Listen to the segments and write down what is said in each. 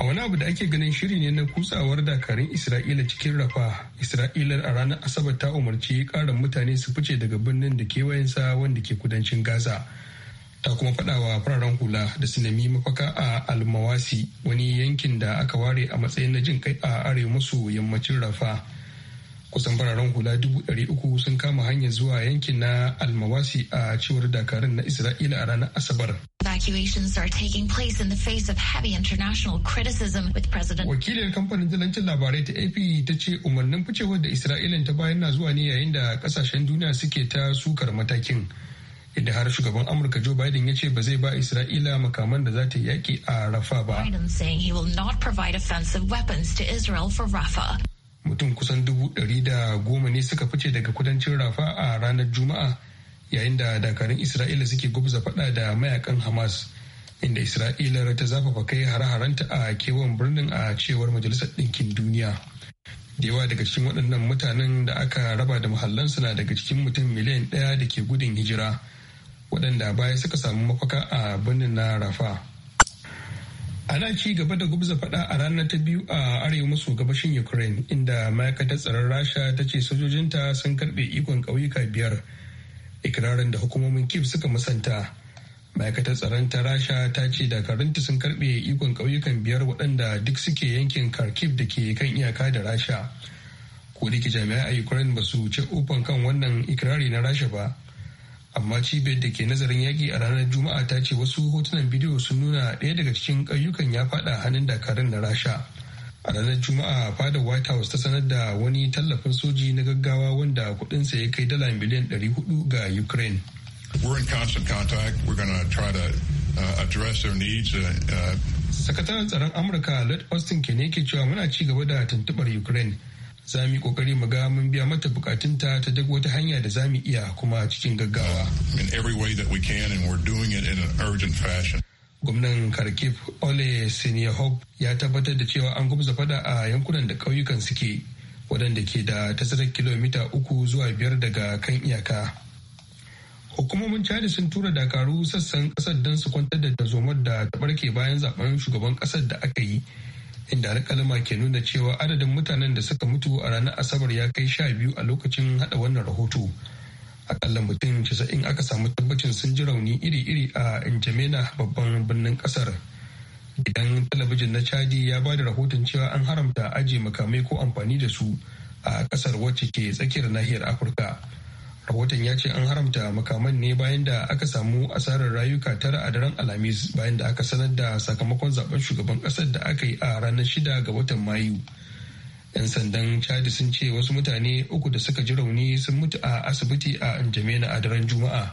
a wani abu da ake ganin shiri ne na kutsawar dakarun isra'ila cikin rafa isra'ilar a ranar asabar ta umarci karin mutane su fice daga birnin da kewayensa wanda ke kudancin gaza ta kuma faɗawa fararen hula da sinami mafaka a almawasi wani yankin da aka ware a matsayin na jin kai a arewa maso yammacin rafa kusan fararen hula dubu ɗari uku sun kama hanyar zuwa yankin na almawasi a cewar dakarun na isra'ila a ranar asabar evacuations are taking place in the face of heavy international criticism with President. Wakilin kamfanin zalancin labarai ta AP ta ce umarnin ficewar da Isra'ilan ta bayan na zuwa ne yayin da kasashen duniya suke ta sukar matakin. inda har shugaban amurka joe biden ya ce ba zai ba isra'ila makaman da za ta yaki a rafa ba mutum kusan dubu ɗari da goma ne suka fice daga kudancin rafa a ranar juma'a yayin da dakarun isra'ila suke gubza fada da mayakan hamas inda isra'ila ta zafafa kai hare-harenta a kewan birnin a cewar majalisar ɗinkin duniya da yawa daga cikin waɗannan mutanen da aka raba da muhallansu na daga cikin mutum miliyan ɗaya da ke gudun hijira waɗanda baya suka samu mafaka a birnin na rafa ana ci gaba da gubza faɗa a ranar ta biyu a arewa maso gabashin ukraine inda ma'aikatar tsaron rasha ta ce sojojinta sun karɓe ikon ƙauyuka biyar ikirarin da hukumomin kif suka musanta ma'aikatar tsaron ta rasha ta ce dakarunta sun karbe ikon ƙauyukan biyar waɗanda duk suke yankin kharkiv da ke kan iyaka da rasha ko da ke jami'ai a ukraine ba su ce ufan kan wannan ikirari na rasha ba amma cibiyar da ke nazarin yaƙi a ranar juma'a ta ce wasu hotunan bidiyo sun nuna ɗaya daga cikin ƙauyukan ya faɗa hannun dakarun na rasha a ranar juma'a fadar white house ta sanar da wani tallafin soji na gaggawa wanda kudinsa ya kai dala miliyan 400 ga ukraine We're in constant contact. We're going to try to uh, address their needs. Uh, uh Sakataren tsaron Amurka lord Austin ke ne ke cewa muna ci gaba da tuntubar Ukraine. Za mu yi kokari mu ga mun biya mata bukatunta ta duk wata hanya da za mu iya kuma cikin gaggawa. In every way that we can and we're doing it in an urgent fashion. gwamnan kharkiv ole sinihov ya tabbatar da cewa an gumza fada a yankunan da ƙauyukan suke waɗanda ke da tazarar kilomita uku zuwa biyar daga kan iyaka hukumomin chadi sun tura dakaru sassan ƙasar don su kwantar da tazomar da ta barke bayan zaben shugaban ƙasar da aka yi inda alƙalama ke nuna cewa adadin mutanen da suka mutu a ranar asabar ya kai sha biyu a lokacin haɗa wannan rahoto. akalla mutum 90 aka samu tabbacin sun ji rauni iri-iri a injamena babban birnin kasar. Gidan talabijin na Chadi ya ba da rahoton cewa an haramta ajiye makamai ko amfani da su a kasar wacce ke tsakiyar nahiyar Afirka. Rahoton ya ce an haramta makaman ne bayan da aka samu asarar rayuka tara a daren Alhamis bayan da aka sanar da sakamakon zaben shugaban kasar da aka yi a ranar shida ga watan Mayu. 'yan sandan chadi sun ce wasu mutane uku da suka ji rauni sun mutu a asibiti a njamena a daren juma'a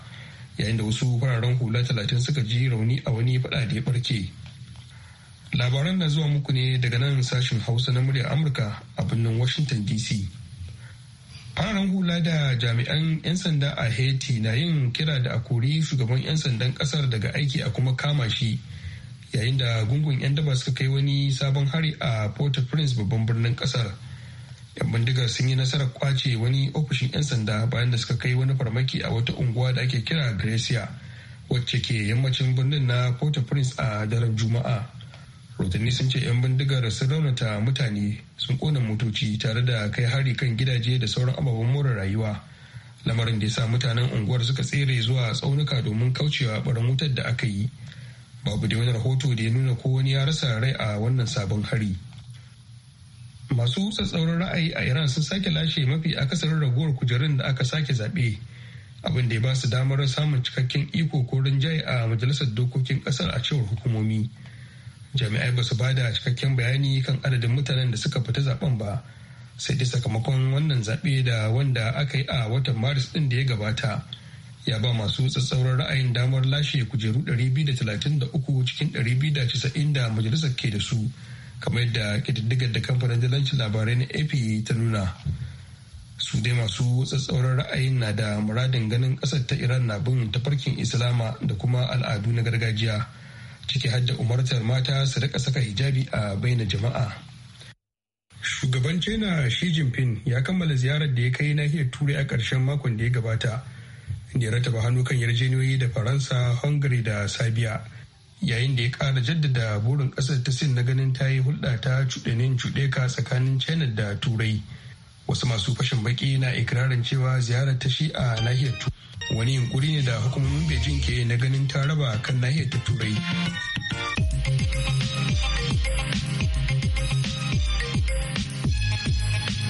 yayin da wasu fararen hula talatin suka ji rauni a wani fada da ya barke labaran na zuwa muku ne daga nan sashen hausa na murya amurka a birnin washington dc fararen hula da jami'an 'yan sanda a haiti na yin kira da a kori shugaban 'yan sandan kasar daga aiki a kuma kama shi yayin da gungun 'yan daba suka kai wani sabon hari a port-au-prince babban birnin kasar yan bindigar sun yi nasarar kwace wani ofishin 'yan sanda bayan da suka kai wani farmaki a wata unguwa da ake kira gracia wacce ke yammacin birnin na port-au-prince a daren juma'a rotanni sun ce 'yan bindigar sun raunata mutane sun kona motoci tare da kai hari kan gidaje da sauran ababen more rayuwa lamarin da ya sa mutanen unguwar suka tsere zuwa tsaunuka domin kaucewa barin wutar da aka yi babu da wani rahoto da ya nuna ko wani ya rasa rai a wannan sabon hari masu tsatsauran ra'ayi a iran sun sake lashe mafi akasarin raguwar kujerun da aka sake zaɓe abin da ya ba su damar samun cikakken iko ko rinjaye a majalisar dokokin kasar a cewar hukumomi jami'ai ba su ba da cikakken bayani kan adadin mutanen da suka fita zaben ba sai dai sakamakon wannan zaɓe da wanda aka yi a watan maris ɗin da ya gabata ya ba masu tsatsauran ra'ayin damar lashe kujeru 233 cikin 290 da majalisar ke da su kamar yadda ƙididdigar da kamfanin dalancin labarai na ap ta nuna su dai masu tsatsauran ra'ayin na da muradin ganin ƙasar ta iran na bin tafarkin islama da kuma al'adu na gargajiya ciki har da umartar mata su rika saka hijabi a baina jama'a shugaban china xi jinping ya kammala ziyarar da ya kai nahiyar turai a ƙarshen makon da ya gabata da ya rataba hannu kan yarjejeniyoyi da faransa hungary da serbia yayin da ya kara jaddada burin kasar ta sin na ganin ta yi hulɗa ta cuɗanin ka tsakanin china da turai wasu masu fashin baki na ikirarin cewa ziyarar ta shi a nahiyar turai wani yunkuri ne da hukumomin beijing ke na ganin ta raba kan nahiyar ta turai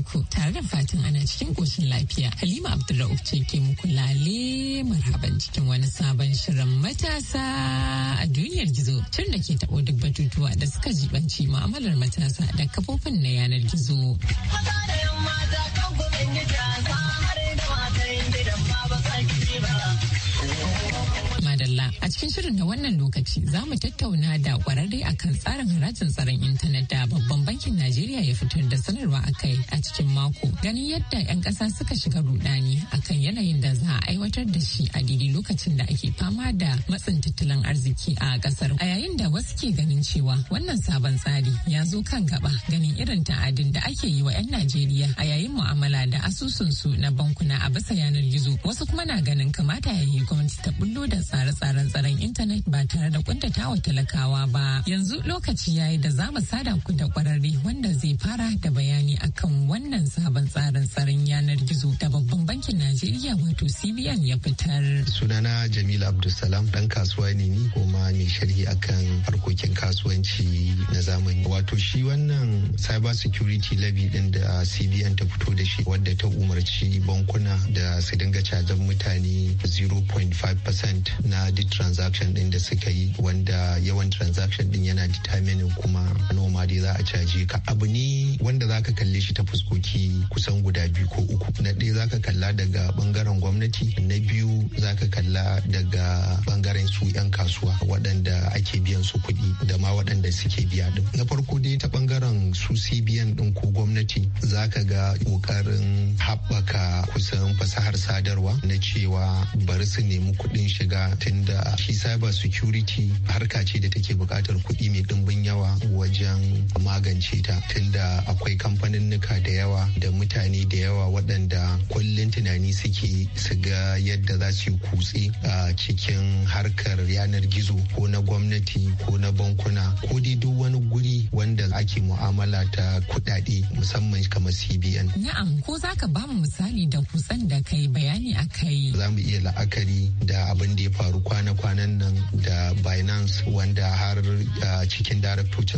alaikum tare da fatan ana cikin koshin lafiya Halima Abdulrauf ce ke muku lale marhaban cikin wani sabon shirin matasa a duniyar gizo tun da ke taɓo duk batutuwa da suka jibanci mu'amalar matasa da kafofin na yanar gizo. Mata da yamma za kan cikin shirin na wannan lokaci za mu tattauna da kwararre akan tsarin harajin tsaron intanet da babban bankin Najeriya ya fitar da sanarwa a kai a cikin mako. Ganin yadda 'yan ƙasa suka shiga rudani akan yanayin da za a aiwatar da shi a daidai lokacin da ake fama da matsin tattalin arziki a ƙasar. A yayin da wasu ke ganin cewa wannan sabon tsari ya zo kan gaba ganin irin ta'adin da ake yi wa 'yan Najeriya a yayin mu'amala da asusunsu na bankuna a basa yanar gizo. Wasu kuma na ganin kamata ya yi gwamnati ta bullo da tsare-tsaren tsaron intanet ba tare da kuntatawa talakawa ba. Yanzu lokaci yayi da za mu sada ku da kwararre wanda zai fara da bayani akan wannan sabon tsarin tsaron yanar gizo da babban bankin Najeriya wato CBN ya fitar. Sunana Jamila Abdulsalam dan kasuwa ne ni kuma mai sharhi akan harkokin kasuwanci na zamani. Wato shi wannan cyber security levy din da CBN ta fito da shi wadda ta umarci bankuna da su dinga cajan mutane 0.5% na duk transaction din da suka yi wanda yawan transaction din yana determining kuma noma dai za a caje ka abu ne wanda za ka kalle shi ta fuskoki kusan guda biyu ko uku na ɗaya za ka kalla daga bangaren gwamnati na biyu za ka kalla daga bangaren su 'yan kasuwa waɗanda ake biyan su kuɗi da ma waɗanda suke biya din na farko dai ta bangaren su cbn din ko gwamnati za ka ga ƙoƙarin haɓaka kusan fasahar sadarwa na cewa bari su nemi kuɗin shiga tun da shi cyber security harka ce da take buƙatar kuɗi mai ɗimbin yawa wajen magance ta tunda akwai kamfanin kamfaninnika da yawa da mutane da yawa waɗanda kullum tunani suke su ga yadda za su yi kutse a cikin harkar yanar gizo ko na gwamnati ko na bankuna ko dai duk wani guri wanda ake mu'amala ta kuɗaɗe musamman kamar cbn na'am ko za ka ba mu misali da kusan da kai bayani a kai za mu iya la'akari da abin da ya faru kwana-kwana kamfanin nan da binance wanda har cikin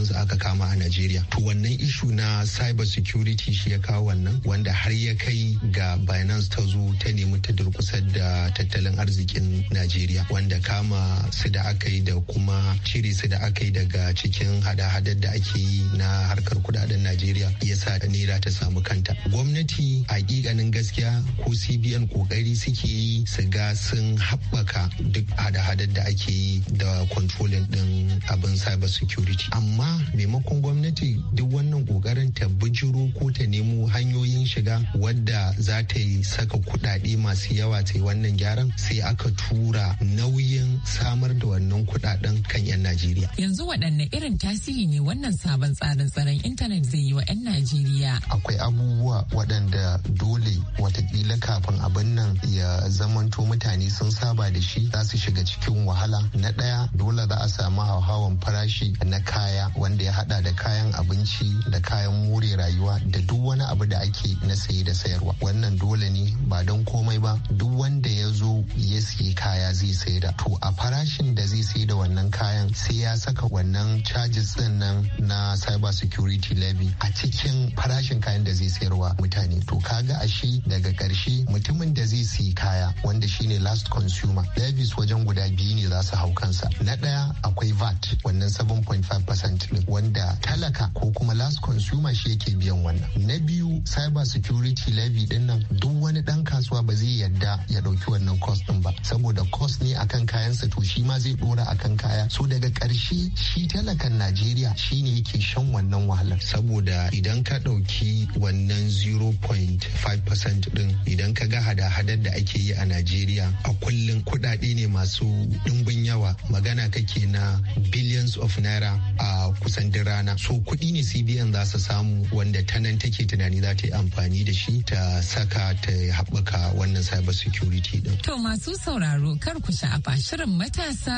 su aka kama a najeriya to wannan ishu na cyber security shi ya kawo wannan wanda har ya kai ga binance ta zo ta nemi ta durkusar da tattalin arzikin najeriya wanda kama su da aka yi da kuma cire su da aka yi daga cikin hada-hadar da ake yi na harkar kudaden najeriya ya sa naira ta samu kanta gwamnati hakikanin gaskiya ko cbn kokari suke yi su ga sun haɓaka duk hada-hadar ta'addar ake yi da controlling din abin cyber security amma maimakon gwamnati duk wannan kokarin ta bijiro ko ta nemo hanyoyin shiga wadda za ta yi saka kudade masu yawa ta yi wannan gyaran sai aka tura nauyin samar da wannan kudaden kan 'yan najeriya yanzu waɗanne irin tasiri ne wannan sabon tsarin tsaron intanet zai yi wa 'yan najeriya akwai abubuwa waɗanda dole watakila kafin abin nan ya zamanto mutane sun saba da shi za su shiga ciki cikin wahala na ɗaya dole za a samu hauhawan farashi na kaya wanda ya hada da kayan abinci da kayan more rayuwa da duk wani abu da ake na saye da sayarwa wannan dole ne ba don komai ba duk wanda ya zo ya siye kaya zai sayar da to a farashin da zai sayi da wannan kayan sai ya saka wannan charges din nan na cyber security levy a cikin farashin kayan da zai sayarwa mutane to kaga ashe daga karshe mutumin da zai siye kaya wanda shine last consumer levies wajen guda biyu ne za su hau kansa na ɗaya akwai vat wannan 7.5% wanda talaka ko kuma last consumer shi yake biyan wannan na biyu cyber security levy din nan duk wani ɗan kasuwa ba zai yadda ya ɗauki wannan cost din ba saboda cost ne akan kayansa to shi ma zai ɗora akan kaya so daga ƙarshe shi talakan najeriya shi ne yake shan wannan wahalar saboda idan ka ɗauki wannan 0.5% din idan ka ga hada-hadar da ake yi a najeriya a kullum kuɗaɗe ne masu dimbin yawa magana kake na billions of naira a kusan duk rana so kuɗi ne cbn za su samu wanda tanan take tunani za ta yi amfani da shi ta saka ta haɓaka wannan cyber security din to masu sauraro kar ku sha'afa shirin matasa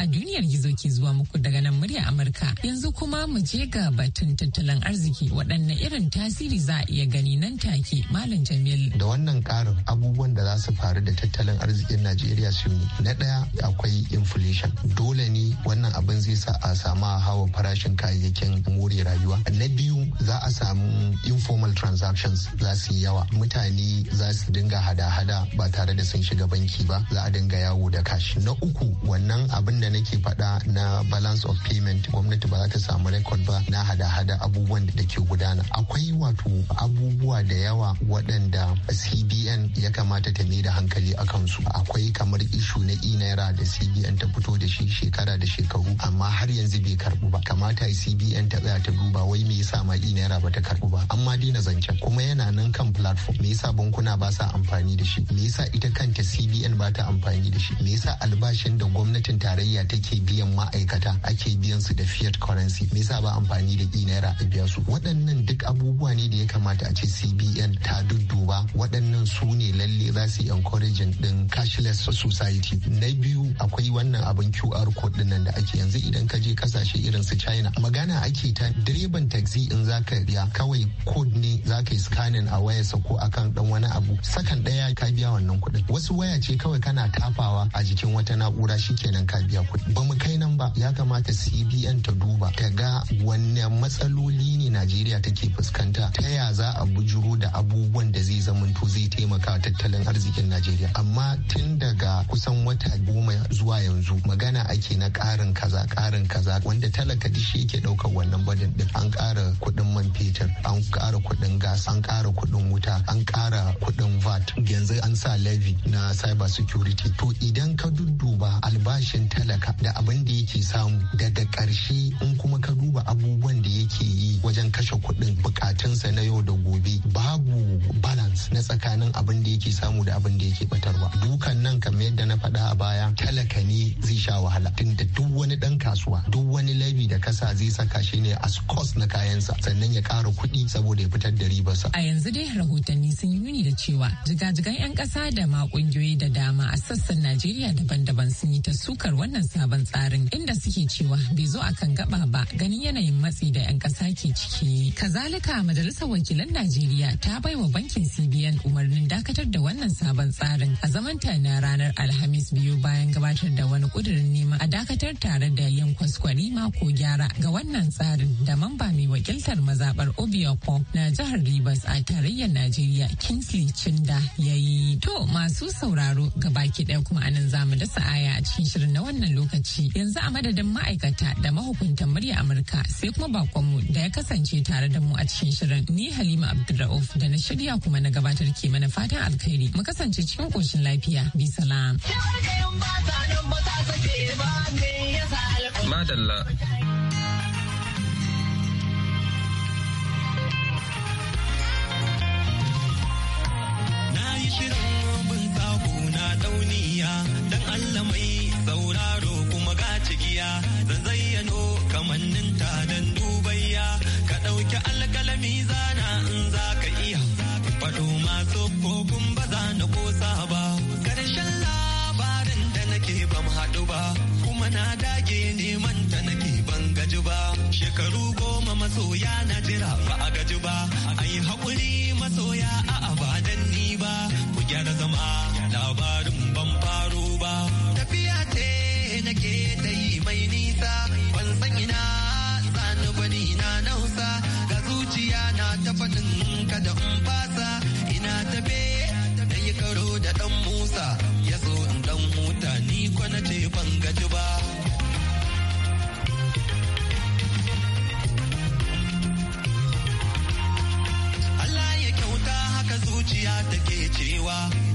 a duniyar gizo ke zuwa muku daga nan murya amurka yanzu kuma mu je ga batun tattalin arziki waɗanne irin tasiri za a iya gani nan take malam jamil da wannan ƙarin abubuwan da za su faru da tattalin arzikin najeriya su ne na ɗaya akwai inflation dole ne wannan abin zai sa a samu hawa farashin kayayyakin more rayuwa na biyu za a samu informal transactions za su yi yawa mutane za su dinga hada-hada ba tare da sun shiga banki ba za a dinga yawo da kashi na uku wannan abin da nake faɗa na balance of payment gwamnati ba za ta samu record ba na hada-hada abubuwan da ke gudana akwai wato abubuwa da yawa waɗanda cbn ya kamata ta mai da hankali a su akwai kamar ishu na e naira da cbn ta fito da shi shekara da shekaru amma har yanzu bai karbu ba kamata cbn ta tsaya ta duba wai me yasa ma naira ba ta karbu ba amma dina zancen kuma yana nan kan platform me yasa bankuna ba sa amfani da shi me yasa ita kanta cbn ba ta amfani da shi me yasa albashin da gwamnatin tarayya take biyan ma'aikata ake biyan su da fiat currency me yasa ba amfani da e naira a biya su waɗannan duk abubuwa ne da ya kamata a ce cbn ta dudduba waɗannan su ne lalle za su yi encouraging din cashless society na biyu akwai wannan abin qr code din nan da ake yanzu idan ka je kasashe irin su china magana ake ta direban taxi in za ka biya kawai code ne za ka yi scanning a wayarsa ko akan dan wani abu sakan daya ka biya wannan kuɗin wasu waya ce kawai kana tafawa a jikin wata na'ura shikenan ka biya kuɗi ba mu kai nan ba ya kamata cbn ta duba ta ga wanne matsaloli ne najeriya take fuskanta ta ya za a bujuro da abubuwan da zai zamanto zai taimaka tattalin arzikin najeriya amma tun daga kusan wata goma zuwa yanzu magana ake na ƙarin kaza ƙarin kaza wanda talaka dishi yake ɗaukar wannan badin din an ƙara kuɗin man fetur an ƙara kuɗin gas an ƙara kuɗin wuta an ƙara kuɗin vat yanzu an sa levy na cyber security to idan ka dudduba albashin talaka da abin da yake samu daga ƙarshe in kuma ka duba abubuwan da yake yi wajen kashe kuɗin bukatunsa na yau da gobe babu balance na tsakanin abin da yake samu da abin da yake batarwa dukan nan kamar yadda na faɗa a baya talaka ne zai sha wahala tunda duk wani ɗan kasuwa duk wani labi da kasa zai saka shi ne a cost na kayansa sannan ya ƙara kuɗi saboda ya fitar da ribarsa a yanzu dai rahotanni sun yi nuni da cewa jiga-jigan 'yan ƙasa da ma ƙungiyoyi da dama dama a sassan Najeriya daban-daban sun yi ta sukar wannan sabon tsarin inda suke cewa bai zo a kan gaba ba ganin yanayin matsi da 'yan ƙasa ke ciki. Kazalika Majalisar Wakilan Najeriya ta bai wa bankin CBN umarnin dakatar da wannan sabon tsarin a zamanta na ranar Alhamis biyu bayan gabatar da wani ƙudurin neman a dakatar tare da yin kwaskwari mako gyara ga wannan tsarin da mamba mai wakiltar mazaɓar Obiako na jihar Rivers a tarayyar Najeriya Kingsley Chinda ya yi. To masu sauraro baki ɗaya kuma anan mu dasa aya a cikin shirin na wannan lokaci yanzu a madadin ma'aikata da mahukuntan murya Amurka sai kuma bakonmu da ya kasance tare da mu a cikin shirin ni Halima Abdulrauf da na shirya kuma na gabatar ke mana fatan alkhairi mu kasance cikin koshin lafiya bi salam. Madalla ɗauniya dan Allah mai sauraro kuma ga cigiya zan zayyano kamanninta dan dubayya ka ɗauki alkalami zana in za ka iya faɗo masu kofin ba za na kosa ba karshen labarin da nake ban haɗu ba kuma na dage neman ta nake ban gaji ba shekaru goma masoya na jira ba a gaji ba a yi haƙuri masoya a abadan ni ba ku gyara zama labarin ban faro ba tafiya ce nake ta yi mai nisa ban san ina tsani bani na nausa ga zuciya na ta faɗin kada in fasa ina tafe da yi karo da ɗan musa ya so in ɗan huta ni kwana ce ban gaji ba zuciya take cewa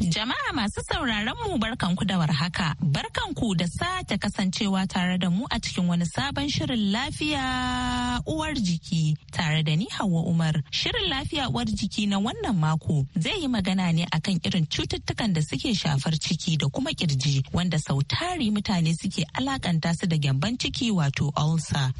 Jama'a masu sauraron mu barkanku da warhaka, barkanku da sake kasancewa tare da mu a cikin wani sabon shirin lafiya uwar jiki tare da ni Hauwa Umar. Shirin lafiya uwar jiki na wannan mako zai yi magana ne akan irin cututtukan da suke shafar ciki da kuma kirji wanda sau tari mutane suke alakanta su da gyamban ciki wato ulcer.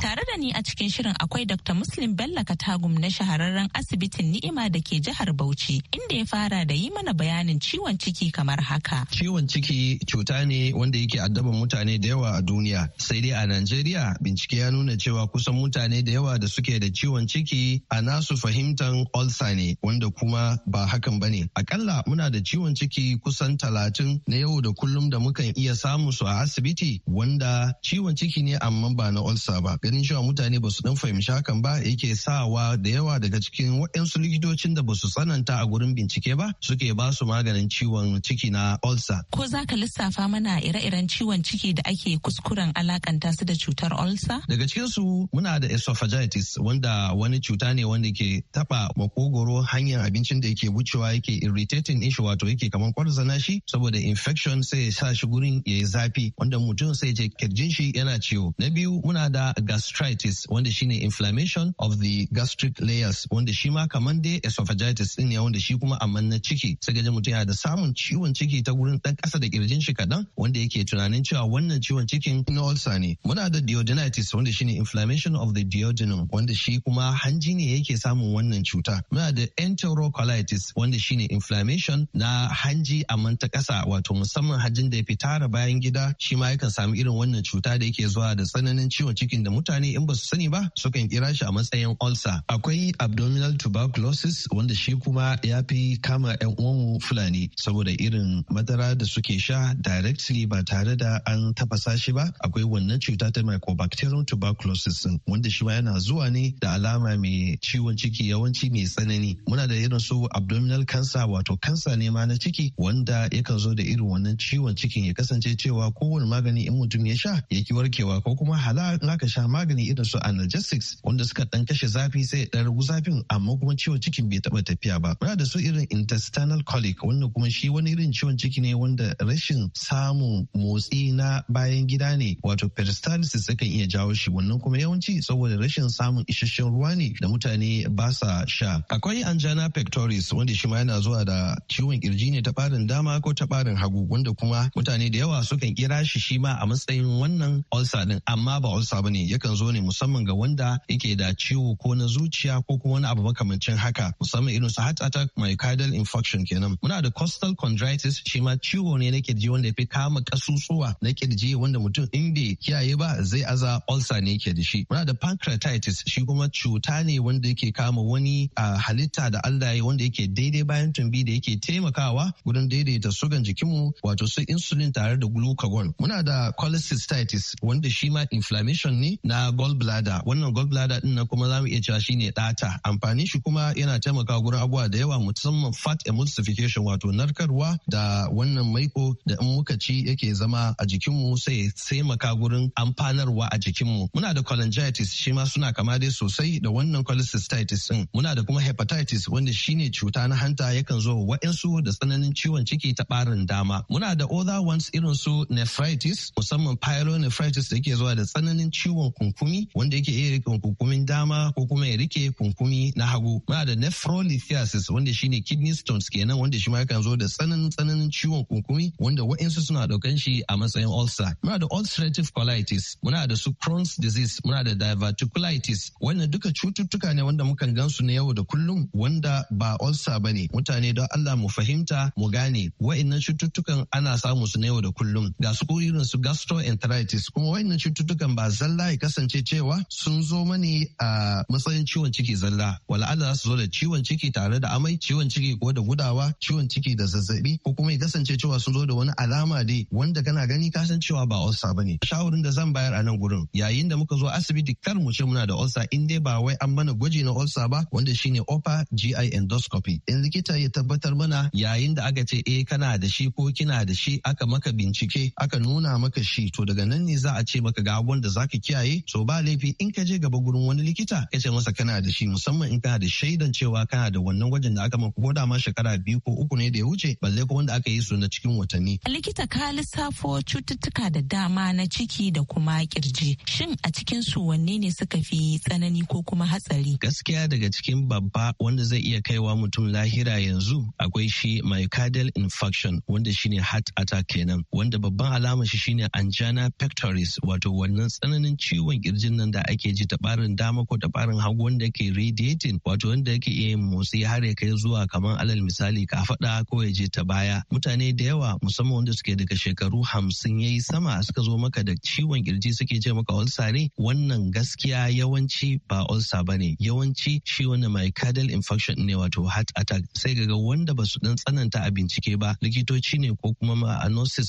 Tare da ni a cikin shirin akwai Dr. Muslim Bello Katagum na shahararren asibitin Ni'ima da ke jihar Bauchi, inda ya fara da yi mana bayanin ciwon ciki kamar haka. Ciwon ciki cuta ne wanda yake addaban mutane da yawa a duniya. Sai dai a Najeriya bincike ya nuna cewa kusan mutane da yawa da suke da ciwon ciki a nasu fahimtan ulsa ne wanda kuma ba hakan ba ne. Akalla muna da ciwon ciki kusan talatin na yau da kullum da mukan iya samu su a asibiti wanda ciwon ciki ne amma ba na ulsa ba. ba ganin cewa mutane ba su dan fahimci hakan ba yake sawa da yawa daga cikin waɗansu likitocin da ba su tsananta a gurin bincike ba suke ba su maganin ciwon ciki na ulcer. Ko za ka lissafa mana ire-iren ciwon ciki da ake kuskuren alakanta su da cutar ulcer? Daga cikin su muna da esophagitis wanda wani cuta ne wanda ke taba makogoro hanyar abincin da yake wucewa yake irritating ishi wato yake kamar kwarzana shi saboda infection sai ya sa shi gurin ya yi zafi wanda mutum sai je kirjin shi yana ciwo. Na biyu muna da gastritis wanda shine inflammation of the gastric layers wanda shi ma kaman dai esophagitis din ne wanda shi kuma amman na ciki sai ga mutum yana da samun ciwon ciki ta gurin dan kasa da kirjin shi kadan wanda yake tunanin cewa wannan ciwon cikin na ulcer ne muna da duodenitis wanda shine inflammation of the duodenum wanda shi kuma hanji ne yake samun wannan cuta muna da enterocolitis wanda shine inflammation na hanji amman ta kasa wato musamman hajin da ya fitara bayan gida shi ma yakan samu irin wannan cuta da yake zuwa da tsananin ciwon cikin da da mutane in ba su sani ba sukan kira shi a matsayin ulcer. Akwai abdominal tuberculosis wanda shi kuma ya fi kama 'yan uwanmu Fulani saboda irin madara da suke sha directly ba tare da an tafasa shi ba akwai wannan cuta ta mycobacterium tuberculosis wanda shi ma yana zuwa ne da alama mai ciwon ciki yawanci mai tsanani muna da irin su abdominal cancer wato kansa ne ma na ciki wanda yakan zo da irin wannan ciwon cikin ya kasance cewa kowane magani in mutum ya sha ya ki warkewa ko kuma hala in aka sha sha magani irin su analgesics wanda suka dan kashe zafi sai dan ragu zafin amma kuma ciwon cikin bai taba tafiya ba muna da su irin intestinal colic wanda kuma shi wani irin ciwon ciki ne wanda rashin samun motsi na bayan gida ne wato peristalsis sukan iya jawo shi wannan kuma yawanci saboda rashin samun isasshen ruwa ne da mutane ba sa sha akwai angina pectoris wanda shi ma yana zuwa da ciwon kirji ne ta barin dama ko ta barin hagu wanda kuma mutane da yawa sukan kira shi shi ma a matsayin wannan ulcer din amma ba ulcer bane yakan zo ne musamman ga wanda yake da ciwo ko na zuciya ko kuma wani abu makamancin haka musamman irin su heart attack myocardial infarction kenan muna da costal chondritis shi ma ciwo ne na kirji wanda ya fi kama kasusuwa na kirji wanda mutum in bai kiyaye ba zai aza ulcer ne yake da shi muna da pancreatitis shi kuma cuta ne wanda yake kama wani halitta da Allah ya wanda yake daidai bayan tumbi da yake taimakawa gurin daidaita sugan jikinmu wato su insulin tare da glucagon muna da cholecystitis wanda shi ma inflammation ne na gallbladder wannan gallbladder din na kuma zamu iya cewa shine data amfani shi kuma yana taimaka gurin abubuwa da yawa musamman fat emulsification wato narkarwa da wannan maiko da in muka ci yake zama a jikinmu sai sai taimaka gurin amfanarwa a jikinmu muna da cholangitis shi ma suna kama dai sosai da wannan cholecystitis din muna da kuma hepatitis wanda shine cuta na hanta yakan zo wa'insu da tsananin ciwon ciki ta barin dama muna da other ones irin su nephritis musamman pyelonephritis da yake zuwa da tsananin ciwon kunkumi wanda yake iya rike kunkumin dama ko kuma ya rike kunkumi na hagu muna da nephrolithiasis wanda shine kidney stones kenan wanda shi ma yakan zo da tsananin tsananin ciwon kunkumi wanda wa'insu suna daukan shi a matsayin ulcer muna da ulcerative colitis muna da su Crohn's disease muna da diverticulitis wannan duka cututtuka ne wanda mukan gansu na yau da kullum wanda ba ulcer bane mutane don Allah mu fahimta mu gane wa'innan cututtukan ana samu su na yau da kullum ga su irin su gastroenteritis kuma wa'innan cututtukan ba zalla ya kasance cewa sun zo mani a matsayin ciwon ciki zalla wala'ala za su zo da ciwon ciki tare da amai ciwon ciki ko da gudawa ciwon ciki da zazzabi ko kuma ya kasance cewa sun zo da wani alama dai wanda kana gani ka san cewa ba ne. bane shawarin da zan bayar a nan gurin yayin da muka zo asibiti kar mu ce muna da ulcer in dai ba wai an mana gwaji na olsa ba wanda shine opa GI endoscopy in likita ya tabbatar mana yayin da aka ce eh kana da shi ko kina da shi aka maka bincike aka nuna maka shi to daga nan ne za a ce maka ga wanda zaka kiyaye iyaye so ba laifi in ka je gaba gurin wani likita ka ce masa kana da shi musamman in kana da shaidan cewa kana da wannan gwajin da aka maka ko da ma shekara biyu ko uku ne da ya wuce balle ko wanda aka yi su na cikin watanni. Likita ka lissafo cututtuka da dama na ciki da kuma kirji shin a cikin su wanne ne suka fi tsanani ko kuma hatsari? Gaskiya daga cikin babba wanda zai iya kaiwa mutum lahira yanzu akwai shi myocardial infarction wanda shine heart attack kenan wanda babban alamar shi shine anjana pectoris wato wannan tsananin ciwon kirjin nan da ake ji tabarin dama ko tabarin hagu wanda ke radiating wato wanda yake iya yin motsi har ya kai zuwa kamar alal misali ka faɗa ko ya je ta baya mutane da yawa musamman wanda suke daga shekaru hamsin yayi sama suka zo maka da ciwon kirji suke ce maka ulcer ne wannan gaskiya yawanci ba ulcer ne yawanci shi mai myocardial infarction ne wato heart attack sai ga wanda ba su dan tsananta a bincike ba likitoci ne ko kuma ma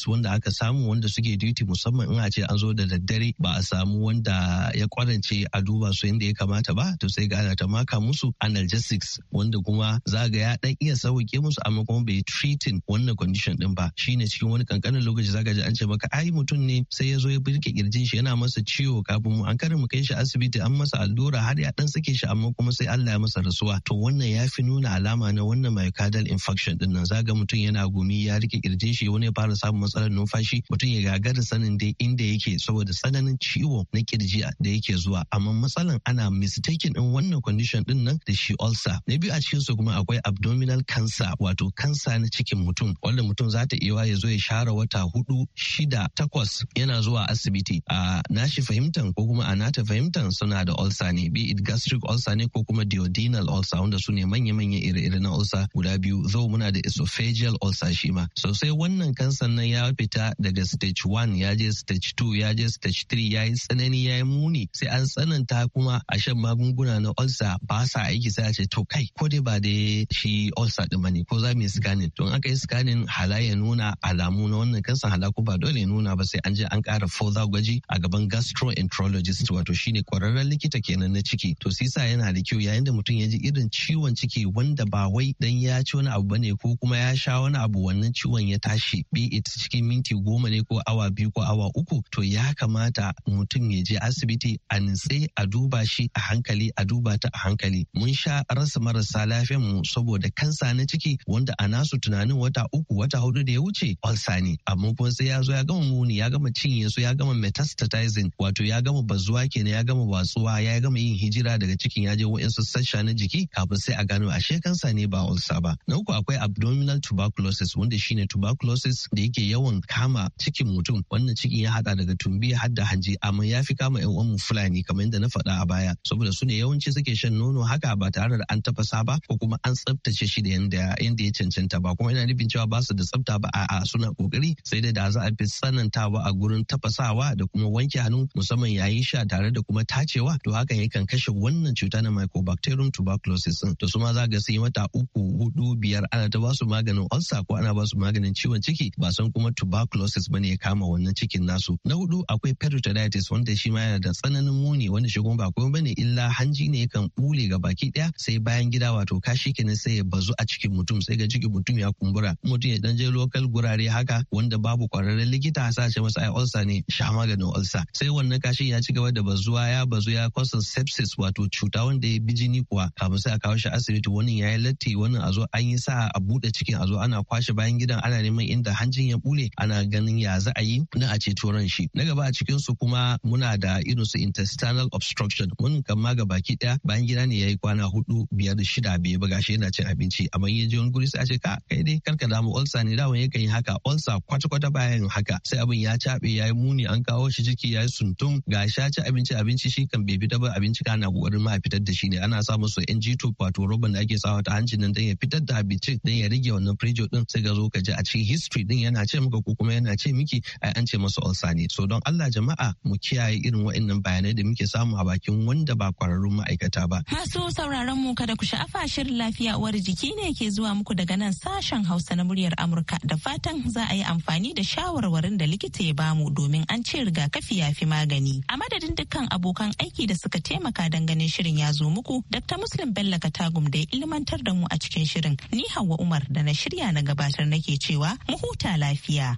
wanda aka samu wanda suke duty musamman in a ce an zo da daddare ba a samu wanda ya kwarance a duba su inda ya kamata ba to sai ga ana ta maka musu analgesics wanda kuma za ga ya dan iya sauke musu amma kuma bai treating wannan condition din ba shine cikin wani kankanin lokaci zaka ji an ce maka ai mutum ne sai ya zo ya birke kirjin shi yana masa ciwo kafin mu an kare mu kai shi asibiti an masa allura har ya dan sake shi amma kuma sai Allah ya masa rasuwa to wannan ya fi nuna alama na wannan myocardial infarction din nan zaga mutum yana gumi ya rike kirjin shi wani ya fara samun matsalar numfashi mutum ya gagara sanin dai inda yake saboda tsananin ciwo na na kirji da yake zuwa amma matsalan ana mistaken din wannan condition din nan da shi ulcer na biyu a cikin su kuma akwai abdominal cancer wato kansa na cikin mutum wanda mutum za ta iya ya zo ya share wata hudu shida takwas yana zuwa asibiti a nashi fahimtan ko kuma a nata fahimtan suna da ulcer ne bi it gastric ulcer ne ko kuma duodenal ulcer wanda su ne manya manyan ire-ire na ulcer guda biyu zo muna da esophageal ulcer shi ma sosai wannan kansar nan ya fita daga stage 1 ya je stage 2 ya je stage 3 ya yi tsanani gani ya yi muni sai an tsananta kuma a shan magunguna na ulcer ba sa aiki sai a ce to kai ko dai ba dai shi ulcer ɗin bane ko za mu yi scanning don aka yi scanning hala ya nuna alamu na wannan kansa hala ko ba dole nuna ba sai an je an kara further gwaji a gaban gastroenterologist wato shine kwararren likita kenan na ciki to sai sa yana da kyau yayin da mutum ya ji irin ciwon ciki wanda ba wai dan ya ci wani abu bane ko kuma ya sha wani abu wannan ciwon ya tashi be it cikin minti goma ne ko awa biyu ko awa uku to ya kamata mutum ya je asibiti a nitse a duba shi a hankali a duba ta a hankali mun sha rasa marasa lafiyan mu saboda kansa na ciki wanda a nasu tunanin wata uku wata hudu da ya wuce ulcer ne amma kuma sai ya zo ya gama muni ya gama cinye su ya gama metastatizing wato ya gama bazuwa kenan ya gama watsuwa ya gama yin hijira daga cikin ya je wa'insu sassa na jiki kafin sai a gano ashe kansa ne ba ulcer ba na uku akwai abdominal tuberculosis wanda shine tuberculosis da yake yawan kama cikin mutum wannan cikin ya hada daga tumbi har da hanji amma ya fi fi kama yan uwanmu Fulani kamar yadda na faɗa a baya saboda su ne yawanci suke shan nono haka ba tare da an tafasa ba ko kuma an tsaftace shi da yanda yanda ya cancanta ba kuma ina nufin cewa ba su da tsafta ba a suna kokari sai dai da za a fi sanantawa a gurin tafasawa da kuma wanke hannu musamman yayin sha tare da kuma tacewa to hakan yakan kashe wannan cuta na mycobacterium tuberculosis din to su ma za ga sun yi mata uku hudu biyar ana ta basu maganin ulcer ko ana basu maganin ciwon ciki ba san kuma tuberculosis ba ne ya kama wannan cikin nasu na hudu akwai peritonitis wanda da shi ma yana da tsananin muni wanda shi kuma ba komai bane illa hanji ne yakan bule ga baki daya sai bayan gida wato kashi kenan sai ya bazu a cikin mutum sai ga cikin mutum ya kumbura mutum ya dan je local gurare haka wanda babu kwararren likita sa ce masa ai ulcer ne sha maganin ulcer sai wannan kashin ya ci gaba da bazuwa ya bazu ya cause sepsis wato cuta wanda ya bi jini kuwa kafin sai a kawo shi asibiti wannan yayi latti wannan a zo an yi sa a bude cikin a zo ana kwashe bayan gidan ana neman inda hanjin ya bule ana ganin ya za a yi na a ceto ran shi na gaba a cikin su kuma muna da irin su intestinal obstruction mun kama ga baki daya bayan gida ne yayi kwana hudu biyar da shida bai ba gashi yana cin abinci amma ya ji wani guri sai a ce ka kai dai karka damu ulsa ne dawon yakan yi haka ulsa kwata kwata bayan haka sai abin ya cabe yayi muni an kawo shi jiki yayi suntum ga sha ci abinci abinci shi kan bai fita ba abinci kana kokarin ma fitar da shi ne ana samu su ng tube wato roban da ake sawa ta hancin nan dan ya fitar da abincin dan ya rage wannan prejo din sai ga zo ka ji a cikin history din yana ce muka ko kuma yana ce miki ai an ce masa ulsa ne so don Allah jama'a mu kiyaye kiyaye irin waɗannan bayanai da muke samu a bakin wanda ba kwararrun ma'aikata ba. Masu sauraron mu kada ku sha'afa shirin lafiya uwar jiki ne ke zuwa muku daga nan sashen Hausa na muryar Amurka da fatan za a yi amfani da shawarwarin da likita ya bamu domin an ce rigakafi ya fi magani. A madadin dukkan abokan aiki da suka taimaka don ganin shirin ya zo muku, Dr. Muslim Bello Katagum da ya ilmantar da mu a cikin shirin. Ni Hauwa Umar da na shirya na gabatar nake cewa mu huta lafiya.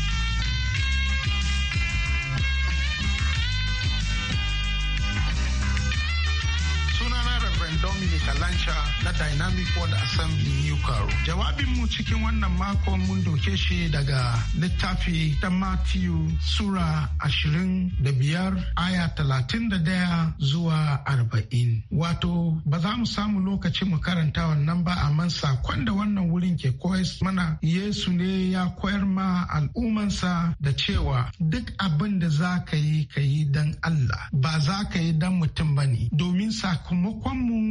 Dominic kalancha na Dynamic World Assembly New Caro. mu cikin wannan makon mun doke shi daga littafi ta Matthew Sura ashirin da biyar aya talatin da daya zuwa arba'in. Wato ba za mu samu lokaci mu karanta wannan ba amma sakon da wannan wurin ke koyar mana Yesu ne ya koyar ma al'umansa da cewa duk abin da za ka yi ka yi don Allah ba za ka yi don mutum ba ne domin sakamakonmu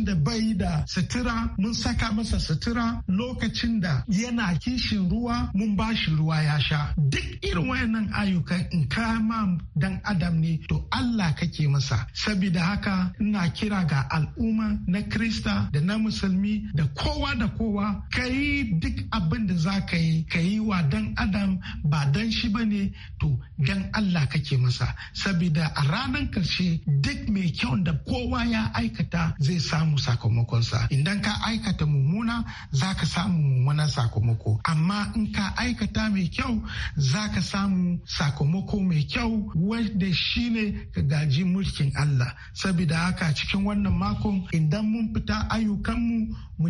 lokacin da bai da sutura mun saka masa sutura lokacin da yana kishin ruwa mun ba shi ruwa ya sha duk irin wayannan ayyuka in kama dan adam ne to Allah kake masa saboda haka ina kira ga al'umma na krista da na musulmi da kowa da kowa ka yi duk abin da za ka yi ka yi wa dan adam ba dan shi ba ne to dan Allah kake masa saboda a ranar karshe duk mai kyau da kowa ya aikata zai samu samu sakamakonsa idan ka aikata mummuna za ka samu mummunan sakamako amma in ka aikata mai kyau za ka samu sakamako mai kyau wanda shine ka gaji mulkin Allah saboda haka cikin wannan makon idan mun fita ayyukanmu mu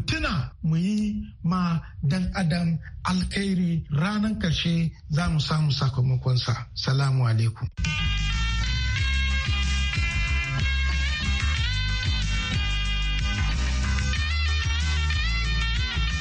mu yi ma dan adam alkhairi ranar karshe za mu samu sakamakonsa salamu alaikum